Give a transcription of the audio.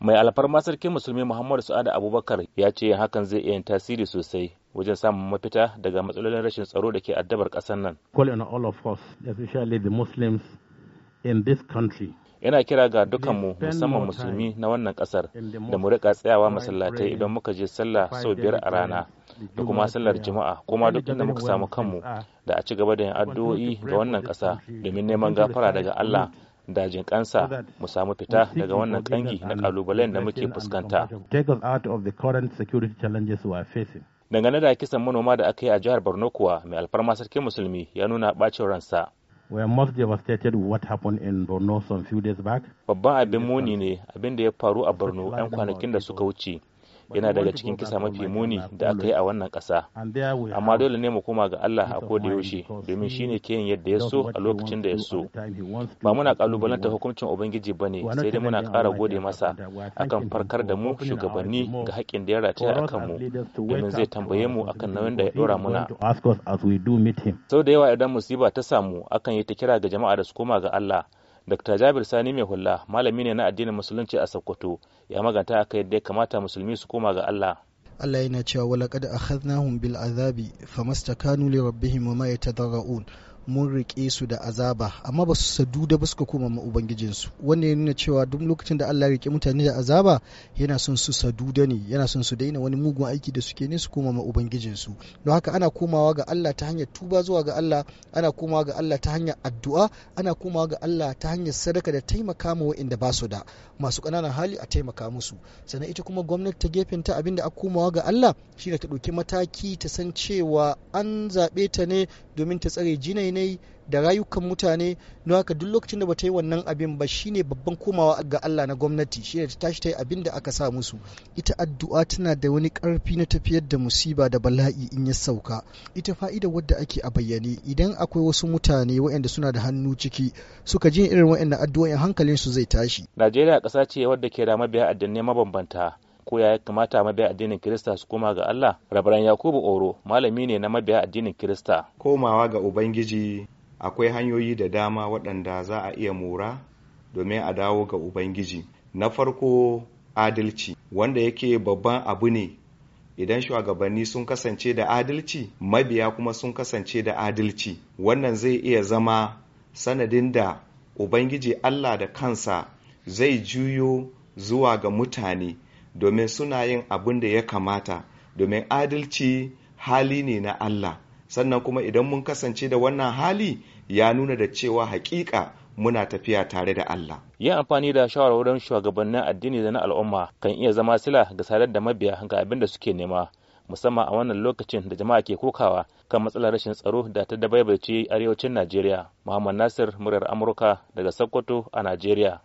mai alfarma sarkin musulmi muhammadu su'ada abubakar ya ce hakan zai iya tasiri sosai wajen samun mafita daga matsalolin rashin tsaro da ke addabar ƙasar nan all the muslims in this country yana kira ga dukanmu musamman musulmi na wannan kasar da mu rika tsayawa masallatai idan muka je sallah sau biyar a rana da kuma sallar jama'a kuma duk inda muka samu kanmu da a ci gaba da yin addu'o'i ga wannan ƙasa domin neman gafara daga Allah dajin kansa mu samu fita daga wannan kangi na kalubalen da muke fuskanta. Dangane da kisan manoma da aka yi a jihar Borno kuwa mai alfarma sarkin musulmi ya nuna bacin ransa. Babban abin muni ne abin da ya faru a Borno 'yan kwanakin da suka wuce. yana daga cikin kisa mafi muni da aka yi a wannan ƙasa amma dole ne mu koma ga Allah a koda yaushe domin shine ke yin yadda ya so a lokacin da ya so ba muna kalubalanta hukuncin ubangiji ne sai dai muna kara gode masa akan farkar da mu shugabanni ga haƙƙin da ya rataya a kan mu domin zai tambaye mu akan nauyin da ya ɗora muna sau da yawa idan musiba ta samu akan yi ta kira ga jama'a da su koma ga Allah Dr. Jabir Sani mai hulla malami ne na addinin musulunci a Sokoto ya maganta aka yadda ya kamata musulmi su koma ga Allah. Allah yana cewa walaqad akhadnahum bil azabi famastakanu li rabbihim wa ma yatadarrun mun riƙe su da azaba amma ba su sadu da ba suka koma ma ubangijinsu wanda ya nuna cewa duk lokacin da Allah ya riƙe mutane da azaba yana son su sadu da ne yana son su daina wani mugun aiki da suke ne su koma ma ubangijinsu don haka ana komawa ga Allah ta hanyar tuba zuwa ga Allah ana komawa ga Allah ta hanyar addu'a ana komawa ga Allah ta hanyar sadaka da taimaka ma waɗanda ba su da masu ƙananan hali a taimaka musu sannan ita kuma gwamnati ta gefen ta abinda a komawa ga Allah shine ta ɗauki mataki ta san cewa an zaɓe ta ne domin ta tsare jinai ne da rayukan mutane don haka duk lokacin da bata yi wannan abin ba shine babban komawa ga Allah na gwamnati shine ta tashi ta yi abin da aka sa musu ita addu'a tana da wani karfi na tafiyar da musiba da bala'i in ya sauka ita fa'ida wadda ake a bayyane idan akwai wasu mutane waɗanda suna da hannu ciki suka ji irin waɗanda addu'o'in hankalin su zai tashi Najeriya ƙasa ce wadda ke da mabiya addinai mabambanta koya ya kamata mabiya addinin Kirista su koma ga Allah? Rabaran Yakubu Oro malami ne na mabiya addinin Kirista. Komawa ga Ubangiji akwai hanyoyi da dama waɗanda za a iya mora domin a dawo ga Ubangiji. Na farko adalci wanda yake babban abu ne idan shugabanni sun kasance da adalci mabiya kuma sun kasance da adalci wannan zai iya zama sanadin da ubangiji allah da kansa zai juyo zuwa ga mutane domin suna yin abin da ya kamata domin adalci hali ne na Allah sannan kuma idan mun kasance da wannan hali ya nuna da cewa hakika muna tafiya tare da Allah. Yin amfani da shawarwarin shugabannin addini da na al'umma kan iya zama sila ga sadar da mabiya ga abin da suke nema musamman a wannan lokacin da jama'a ke kokawa kan matsalar rashin tsaro da ta dabaibaci arewacin Najeriya. Muhammad Nasir muryar Amurka daga Sokoto a Najeriya.